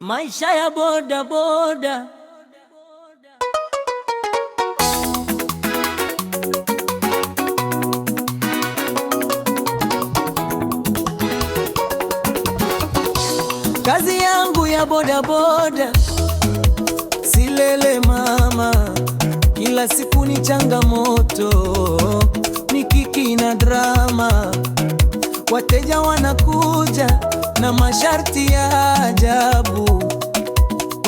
Maisha ya boda boda. Kazi yangu ya boda boda. Silele mama, kila siku ni changamoto, ni kiki na drama, wateja wanakuja na masharti ya ajabu.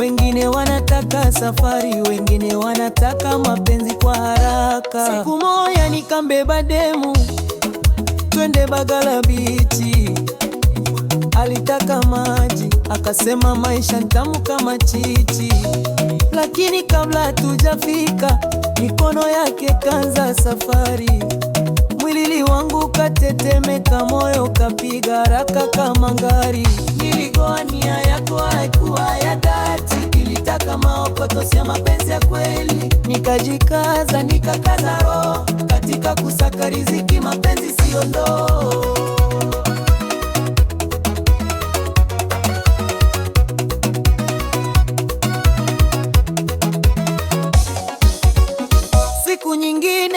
Wengine wanataka safari, wengine wanataka mapenzi kwa haraka. Siku moya nikambeba demu, twende Bagala bichi. Alitaka maji, akasema maisha ntamu kama chichi, lakini kabla hatujafika mikono yake kanza safari mwilini wangu katetemeka, moyo kapiga haraka kama ngari. Niligoa nia yako haikuwa ya dhati, ilitaka maokoto ya mapenzi ya kweli. Nikajikaza nikakaza roho katika kusaka riziki, mapenzi siyo ndoo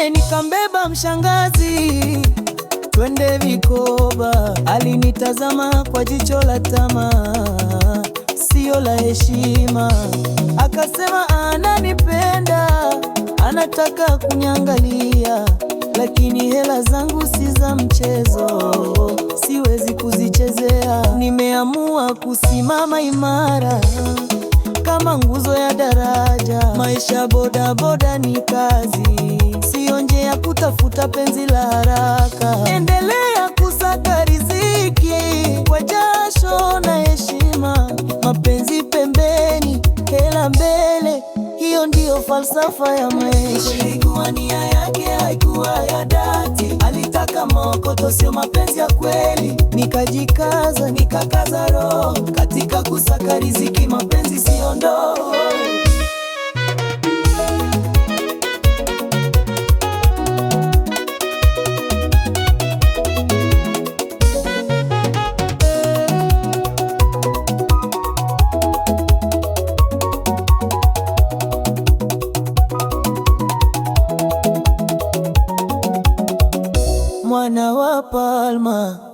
mwingine nikambeba mshangazi, twende Vikoba. Alinitazama kwa jicho la tamaa, sio la heshima, akasema ananipenda, anataka kunyangalia, lakini hela zangu si za mchezo, siwezi kuzichezea. Nimeamua kusimama imara kama nguzo ya daraja maisha boda boda ni kazi, siyo nje ya kutafuta penzi la haraka. Endelea kusaka riziki kwa jasho na heshima, mapenzi pembeni, hela mbele. Hiyo ndiyo falsafa ya maisha. Ilikuwa nia yake, haikuwa ya dhati, alitaka maokoto, sio mapenzi ya kweli. Nikajikaza, nikakaza roho katika kusaka riziki, mapenzi siyo ndoa. mwana wa Palma.